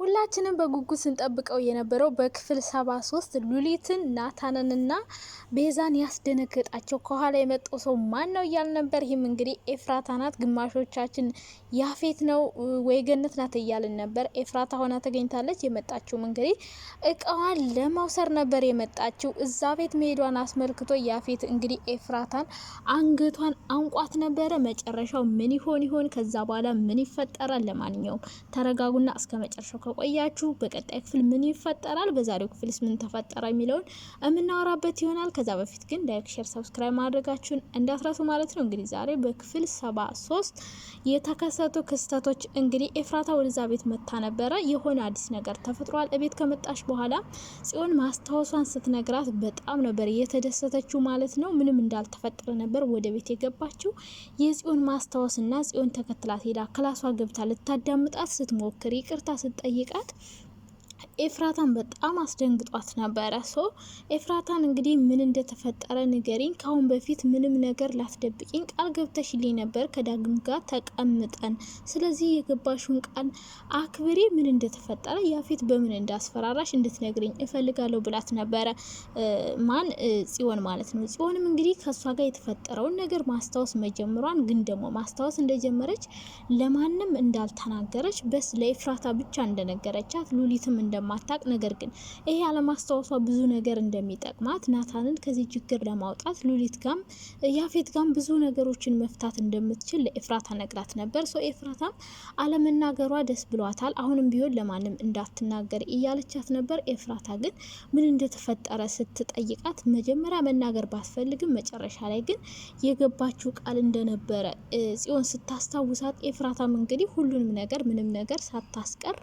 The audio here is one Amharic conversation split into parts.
ሁላችንም በጉጉት ስንጠብቀው የነበረው በክፍል ሰባ ሶስት ሉሊትን ናታንንና ቤዛን ያስደነገጣቸው ከኋላ የመጣው ሰው ማን ነው እያል ነበር። ይህም እንግዲህ ኤፍራታ ናት፣ ግማሾቻችን ያፌት ነው ወይ ገነት ናት እያልን ነበር። ኤፍራታ ሆና ተገኝታለች። የመጣችውም እንግዲህ እቃዋን ለማውሰር ነበር የመጣችው። እዛ ቤት መሄዷን አስመልክቶ ያፌት እንግዲህ ኤፍራታን አንገቷን አንቋት ነበረ። መጨረሻው ምን ይሆን ይሆን? ከዛ በኋላ ምን ይፈጠራል? ለማንኛውም ተረጋጉና እስከ መጨረሻው ከቆያችሁ በቀጣይ ክፍል ምን ይፈጠራል፣ በዛሬው ክፍልስ ምን ተፈጠረ የሚለውን የምናወራበት ይሆናል። ከዛ በፊት ግን ላይክ፣ ሼር፣ ሰብስክራይብ ማድረጋችሁን እንዳትረሱ ማለት ነው። እንግዲህ ዛሬ በክፍል ሰባ ሶስት የተከሰቱ ክስተቶች እንግዲህ ኤፍራታ ወደዛ ቤት መታ ነበረ። የሆነ አዲስ ነገር ተፈጥሯል። እቤት ከመጣሽ በኋላ ጽዮን ማስታወሷን ስትነግራት በጣም ነበር የተደሰተችው ማለት ነው። ምንም እንዳልተፈጠረ ነበር ወደ ቤት የገባችው። የጽዮን ማስታወስና ጽዮን ተከትላት ሄዳ ክላሷ ገብታ ልታዳምጣት ስትሞክር ይቅርታ ስትጠይቅ ስጠይቃት ኤፍራታን በጣም አስደንግጧት ነበረ። ሶ ኤፍራታን እንግዲህ ምን እንደተፈጠረ ንገሪኝ፣ ካሁን በፊት ምንም ነገር ላትደብቂኝ ቃል ገብተሽልኝ ነበር ከዳግም ጋር ተቀምጠን፣ ስለዚህ የገባሽውን ቃል አክብሬ ምን እንደተፈጠረ ያፌት በምን እንዳስፈራራሽ እንድትነግሪኝ እፈልጋለሁ ብላት ነበረ። ማን ጽዮን ማለት ነው። ጽዮንም እንግዲህ ከእሷ ጋር የተፈጠረውን ነገር ማስታወስ መጀመሯን ግን ደግሞ ማስታወስ እንደጀመረች ለማንም እንዳልተናገረች በስ ለኤፍራታ ብቻ እንደነገረቻት ሉሊትም እንደማታቅ ነገር ግን ይሄ አለማስታወሷ ብዙ ነገር እንደሚጠቅማት ናታንን ከዚህ ችግር ለማውጣት ሉሊት ጋም ያፌት ጋም ብዙ ነገሮችን መፍታት እንደምትችል ለኤፍራታ ነግራት ነበር። ሶ ኤፍራታም አለመናገሯ ደስ ብሏታል። አሁንም ቢሆን ለማንም እንዳትናገር እያለቻት ነበር። ኤፍራታ ግን ምን እንደተፈጠረ ስትጠይቃት መጀመሪያ መናገር ባትፈልግም መጨረሻ ላይ ግን የገባችው ቃል እንደነበረ ጽዮን ስታስታውሳት ኤፍራታም እንግዲህ ሁሉንም ነገር ምንም ነገር ሳታስቀር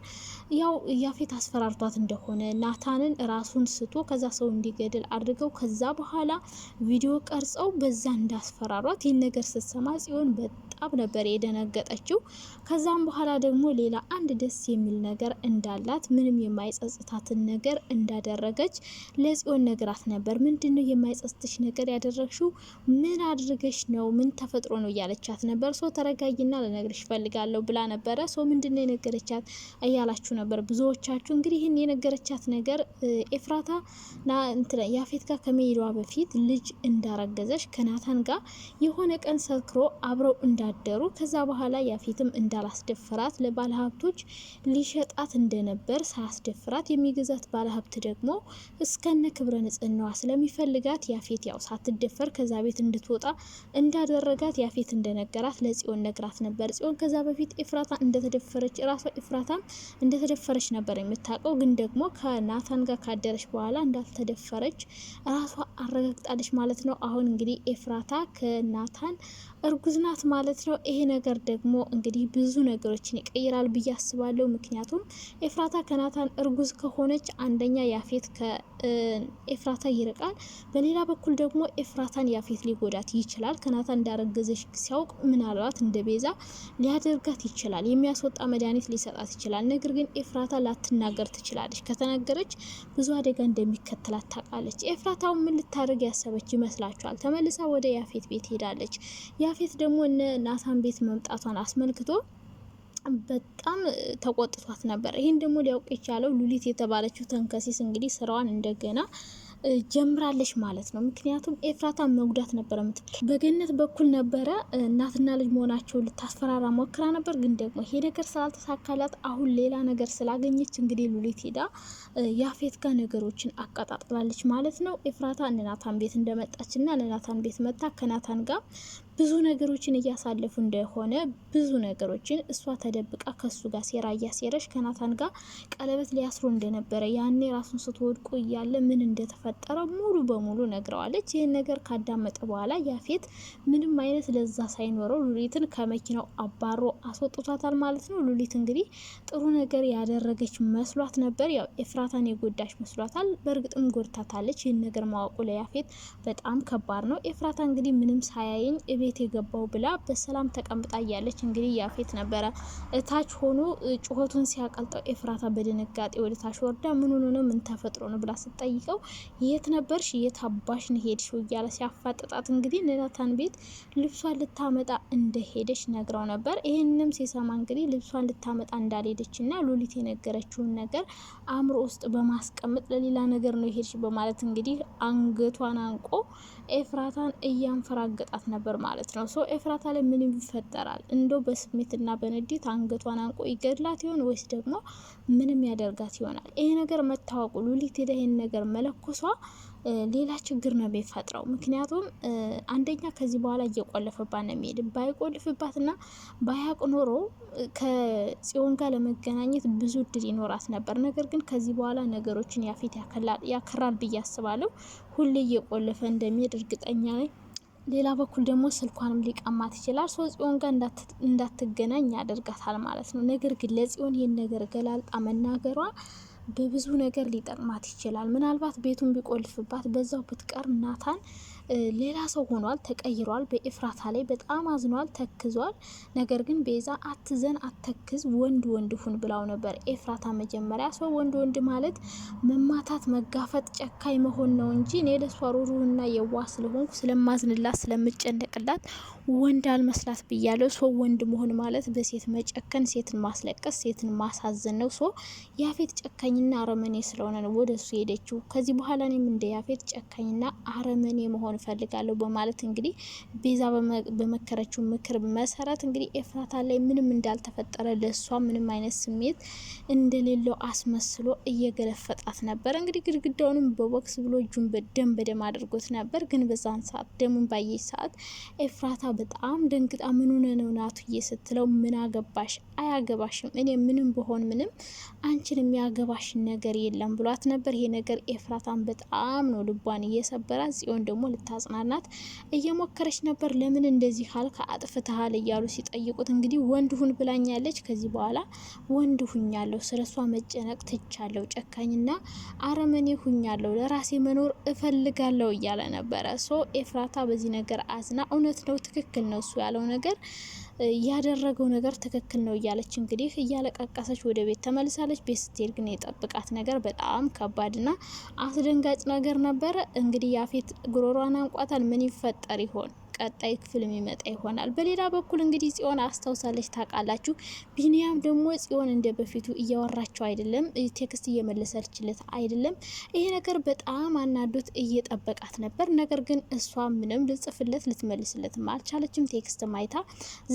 ያው ያፌት አስፈራርቷት እንደሆነ ናታንን ራሱን ስቶ ከዛ ሰው እንዲገድል አድርገው ከዛ በኋላ ቪዲዮ ቀርጸው በዛ እንዳስፈራሯት ይህን ነገር ስትሰማ ጽዮን በጣም ነበር የደነገጠችው። ከዛም በኋላ ደግሞ ሌላ አንድ ደስ የሚል ነገር እንዳላት ምንም የማይጸጽታትን ነገር እንዳደረገች ለጽዮን ነግራት ነበር። ምንድን ነው የማይጸጽትሽ ነገር ያደረግሽው? ምን አድርገሽ ነው? ምን ተፈጥሮ ነው እያለቻት ነበር። ሶ ተረጋጊና ልነግርሽ እፈልጋለሁ ብላ ነበረ። ሶ ምንድን ነው የነገረቻት እያላችሁ ነበር ብዙዎቻችሁን እንግዲህ ይህን የነገረቻት ነገር ኤፍራታ ና ያፌት ጋር ከመሄዷ በፊት ልጅ እንዳረገዘች ከናታን ጋር የሆነ ቀን ሰክሮ አብረው እንዳደሩ ከዛ በኋላ ያፌትም እንዳላስደፈራት ለባለሀብቶች ሊሸጣት እንደነበር ሳያስደፍራት የሚገዛት ባለሀብት ደግሞ እስከነ ክብረ ንጽህናዋ ስለሚፈልጋት ያፌት ያው ሳትደፈር ከዛ ቤት እንድትወጣ እንዳደረጋት ያፌት እንደነገራት ለጽዮን ነግራት ነበር። ጽዮን ከዛ በፊት ኤፍራታ እንደተደፈረች ራሷ ኤፍራታም እንደተደፈረች ነበር የምታ የምታውቀው ግን ደግሞ ከናታን ጋር ካደረች በኋላ እንዳልተደፈረች ራሷ አረጋግጣለች ማለት ነው። አሁን እንግዲህ ኤፍራታ ከናታን እርጉዝ ናት ማለት ነው። ይሄ ነገር ደግሞ እንግዲህ ብዙ ነገሮችን ይቀይራል ብዬ አስባለሁ። ምክንያቱም ኤፍራታ ከናታን እርጉዝ ከሆነች አንደኛ ያፌት ከኤፍራታ ይርቃል፣ በሌላ በኩል ደግሞ ኤፍራታን ያፌት ሊጎዳት ይችላል። ከናታን እንዳረገዘች ሲያውቅ ምናልባት እንደ ቤዛ ሊያደርጋት ይችላል፣ የሚያስወጣ መድኃኒት ሊሰጣት ይችላል። ነገር ግን ኤፍራታ ላትናገር መናገር ትችላለች። ከተናገረች ብዙ አደጋ እንደሚከተላት ታውቃለች። ኤፍራታው ምን ልታደርግ ያሰበች ይመስላችኋል? ተመልሳ ወደ ያፌት ቤት ሄዳለች። ያፌት ደግሞ እነ ናታን ቤት መምጣቷን አስመልክቶ በጣም ተቆጥቷት ነበር። ይህን ደግሞ ሊያውቅ የቻለው ሉሊት የተባለችው ተንከሲስ እንግዲህ ስራዋን እንደገና ጀምራለች ማለት ነው። ምክንያቱም ኤፍራታ መጉዳት ነበረ ምትል በገነት በኩል ነበረ እናትና ልጅ መሆናቸውን ልታስፈራራ ሞክራ ነበር። ግን ደግሞ ይሄ ነገር ስላልተሳካላት አሁን ሌላ ነገር ስላገኘች እንግዲህ ሉሊት ሄዳ ያፌት ጋር ነገሮችን አቀጣጥላለች ማለት ነው። ኤፍራታ እነ ቤት እንደመጣች እና ለናታን ቤት መታ ከናታን ጋር ብዙ ነገሮችን እያሳለፉ እንደሆነ ብዙ ነገሮችን እሷ ተደብቃ ከሱ ጋር ሴራ እያሴረች ከናታን ጋር ቀለበት ሊያስሩ እንደነበረ ያኔ ራሱን ስትወድቁ እያለ ምን እንደተፈጠረ ሙሉ በሙሉ ነግረዋለች። ይህን ነገር ካዳመጠ በኋላ ያፌት ምንም አይነት ለዛ ሳይኖረው ሉሊትን ከመኪናው አባሮ አስወጥቷታል ማለት ነው። ሉሊት እንግዲህ ጥሩ ነገር ያደረገች መስሏት ነበር። ያው ኤፍራታን የጎዳች መስሏታል። በእርግጥም ጎድታታለች። ይህን ነገር ማወቁ ለያፌት በጣም ከባድ ነው። ኤፍራታ እንግዲህ ምንም ሳያየኝ ቤት የገባው ብላ በሰላም ተቀምጣ እያለች እንግዲህ ያፌት ነበረ እታች ሆኖ ጩኸቱን ሲያቀልጠው ኤፍራታ በድንጋጤ ወደ ታች ወርዳ ምን ሆኖ ነው ምን ተፈጥሮ ነው ብላ ስጠይቀው የት ነበርሽ የት አባሽ ነው ሄድሽው እያለ ሲያፋጥጣት እንግዲህ ለናታን ቤት ልብሷን ልታመጣ እንደሄደች ነግረው ነበር። ይህንም ሲሰማ እንግዲህ ልብሷን ልታመጣ እንዳልሄደችና ሉሊት የነገረችውን ነገር አእምሮ ውስጥ በማስቀመጥ ለሌላ ነገር ነው ሄድሽ በማለት እንግዲህ አንገቷን አንቆ ኤፍራታን እያንፈራገጣት ነበር ማለት ማለት ነው። ሶ ኤፍራታ ላይ ምን ይፈጠራል? እንደው በስሜትና በንዴት አንገቷን አንቆ ይገድላት ይሆን ወይስ ደግሞ ምንም ያደርጋት ይሆናል? ይሄ ነገር መታወቁ ሉሊት ይሄን ነገር መለኮሷ ሌላ ችግር ነው የሚፈጥረው። ምክንያቱም አንደኛ ከዚህ በኋላ እየቆለፈባት ነው የሚሄድ። ባይቆልፍባትና ባያቅ ኖሮ ከጽዮን ጋር ለመገናኘት ብዙ እድል ይኖራት ነበር። ነገር ግን ከዚህ በኋላ ነገሮችን ያፊት ያከራል ብዬ አስባለሁ። ሁሌ እየቆለፈ እንደሚሄድ እርግጠኛ ነኝ። ሌላ በኩል ደግሞ ስልኳንም ሊቀማት ይችላል። ሶ ጽዮን ጋር እንዳትገናኝ ያደርጋታል ማለት ነው። ነገር ግን ለጽዮን ይህን ነገር ገላልጣ መናገሯ በብዙ ነገር ሊጠቅማት ይችላል። ምናልባት ቤቱን ቢቆልፍባት በዛው ብትቀር ናታን ሌላ ሰው ሆኗል፣ ተቀይሯል። በኤፍራታ ላይ በጣም አዝኗል፣ ተክዟል። ነገር ግን ቤዛ አትዘን፣ አትተክዝ ወንድ ወንድ ሁን ብላው ነበር ኤፍራታ መጀመሪያ። ሰው ወንድ ወንድ ማለት መማታት፣ መጋፈጥ፣ ጨካኝ መሆን ነው እንጂ እኔ ለሷ ሩሩና የዋ ስለሆንኩ ስለማዝንላት፣ ስለምጨነቅላት ወንድ አልመስላት ብያለው። ሰው ወንድ መሆን ማለት በሴት መጨከን፣ ሴትን ማስለቀስ፣ ሴትን ማሳዘን ነው። ሰው ያፌት ጨካኝና አረመኔ ስለሆነ ነው ወደ እሱ ሄደችው። ከዚህ በኋላ እኔም እንደ ያፌት ጨካኝና አረመኔ መሆን መሆን እፈልጋለሁ በማለት እንግዲህ ቤዛ በመከረችው ምክር መሰረት እንግዲህ ኤፍራታ ላይ ምንም እንዳልተፈጠረ ለእሷ ምንም አይነት ስሜት እንደሌለው አስመስሎ እየገለፈጣት ነበር። እንግዲህ ግድግዳውንም በቦክስ ብሎ እጁን በደም በደም አድርጎት ነበር። ግን በዛን ሰዓት ደሙን ባየች ሰዓት ኤፍራታ በጣም ደንግጣ ምን ነው ምን አገባሽ? አያገባሽም። እኔ ምንም በሆን ምንም አንቺን የሚያገባሽ ነገር የለም ብሏት ነበር። ይሄ ነገር ኤፍራታን በጣም ነው ልቧን እየሰበራ ጽዮን ደግሞ ልታጽናናት እየሞከረች ነበር። ለምን እንደዚህ ካልክ አጥፍተሃል እያሉ ሲጠይቁት እንግዲህ ወንድ ሁን ብላኛለች፣ ከዚህ በኋላ ወንድ ሁኛለሁ፣ ስለሷ መጨነቅ ትቻለሁ፣ ጨካኝና አረመኔ ሁኛለሁ፣ ለራሴ መኖር እፈልጋለሁ እያለ ነበረ። ሶ ኤፍራታ በዚህ ነገር አዝና እውነት ነው ትክክል ነው እሱ ያለው ነገር ያደረገው ነገር ትክክል ነው እያለች እንግዲህ እያለቃቀሰች ወደ ቤት ተመልሳለች። ቤት ስትሄድ ግን የጠብቃት ነገር በጣም ከባድና አስደንጋጭ ነገር ነበረ። እንግዲህ ያፌት ጉሮሯን አንቋታል። ምን ይፈጠር ይሆን? ቀጣይ ክፍል የሚመጣ ይሆናል። በሌላ በኩል እንግዲህ ጽዮን አስታውሳለች ታውቃላችሁ። ቢኒያም ደግሞ ጽዮን እንደ በፊቱ እያወራቸው አይደለም፣ ቴክስት እየመለሰችለት አይደለም። ይሄ ነገር በጣም አናዶት እየጠበቃት ነበር። ነገር ግን እሷ ምንም ልጽፍለት ልትመልስለትም አልቻለችም። ቴክስት ማይታ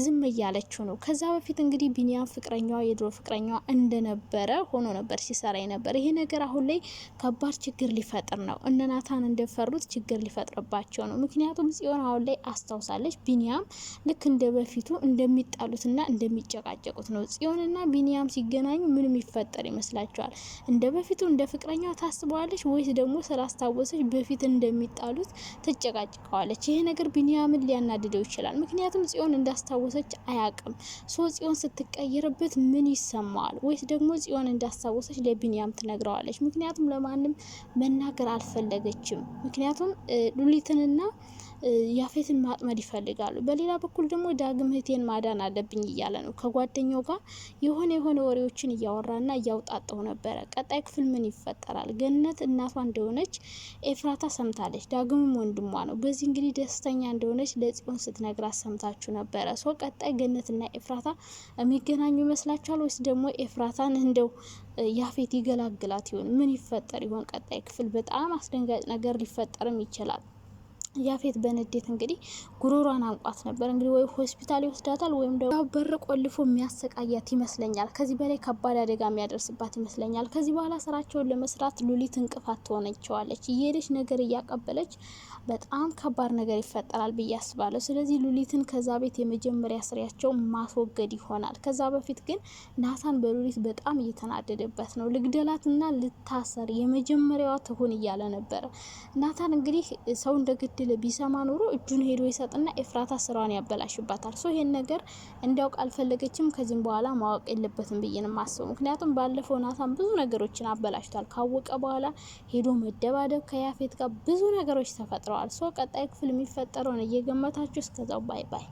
ዝም እያለችው ነው። ከዛ በፊት እንግዲህ ቢኒያም ፍቅረኛዋ የድሮ ፍቅረኛዋ እንደነበረ ሆኖ ነበር ሲሰራ ነበር። ይሄ ነገር አሁን ላይ ከባድ ችግር ሊፈጥር ነው። እነናታን እንደፈሩት ችግር ሊፈጥርባቸው ነው። ምክንያቱም ጽዮን አሁን ላይ አስታውሳለች። ቢኒያም ልክ እንደ በፊቱ እንደሚጣሉትና እንደሚጨቃጨቁት ነው። ጽዮንና ቢኒያም ሲገናኙ ምን የሚፈጠር ይመስላችኋል? እንደ በፊቱ እንደ ፍቅረኛው ታስበዋለች ወይስ ደግሞ ስላስታወሰች በፊት እንደሚጣሉት ትጨቃጭቀዋለች? ይሄ ነገር ቢኒያምን ሊያናድደው ይችላል። ምክንያቱም ጽዮን እንዳስታወሰች አያቅም። ሶ ጽዮን ስትቀይርበት ምን ይሰማዋል? ወይስ ደግሞ ጽዮን እንዳስታወሰች ለቢኒያም ትነግረዋለች? ምክንያቱም ለማንም መናገር አልፈለገችም። ምክንያቱም ሉሊትንና ያፌትን ማጥመድ ይፈልጋሉ። በሌላ በኩል ደግሞ ዳግም እህቴን ማዳን አለብኝ እያለ ነው። ከጓደኛው ጋር የሆነ የሆነ ወሬዎችን እያወራና እያውጣጠው ነበረ። ቀጣይ ክፍል ምን ይፈጠራል? ገነት እናቷ እንደሆነች ኤፍራታ ሰምታለች። ዳግምም ወንድሟ ነው። በዚህ እንግዲህ ደስተኛ እንደሆነች ለጽዮን ስትነግራት ሰምታችሁ ነበረ። ሶ ቀጣይ ገነትና ኤፍራታ የሚገናኙ ይመስላችኋል? ወይስ ደግሞ ኤፍራታን እንደው ያፌት ይገላግላት ይሆን? ምን ይፈጠር ይሆን? ቀጣይ ክፍል በጣም አስደንጋጭ ነገር ሊፈጠርም ይችላል። ያፌት በንዴት እንግዲህ ጉሮሯን አንቋት ነበር። እንግዲህ ወይ ሆስፒታል ይወስዳታል ወይም ደግሞ በር ቆልፎ የሚያሰቃያት ይመስለኛል። ከዚህ በላይ ከባድ አደጋ የሚያደርስባት ይመስለኛል። ከዚህ በኋላ ስራቸውን ለመስራት ሉሊት እንቅፋት ትሆነችዋለች። እየሄደች ነገር እያቀበለች በጣም ከባድ ነገር ይፈጠራል ብዬ አስባለሁ። ስለዚህ ሉሊትን ከዛ ቤት የመጀመሪያ ስሪያቸው ማስወገድ ይሆናል። ከዛ በፊት ግን ናታን በሉሊት በጣም እየተናደደበት ነው። ልግደላትና ልታሰር የመጀመሪያዋ ትሁን እያለ ነበረ ናታን እንግዲህ ሰው እንደግድ እድል ቢሰማ ኖሮ እጁን ሄዶ ይሰጥና ኤፍራታ ስራዋን ያበላሽባታል። ሶ ይሄን ነገር እንዲያውቅ አልፈለገችም። ከዚህም በኋላ ማወቅ የለበትም ብዬ ነው የማስበው። ምክንያቱም ባለፈው ናታን ብዙ ነገሮችን አበላሽቷል። ካወቀ በኋላ ሄዶ መደባደብ ከያፌት ጋር ብዙ ነገሮች ተፈጥረዋል። ሶ ቀጣይ ክፍል የሚፈጠረውን እየገመታችሁ እስከዛው ባይ ባይ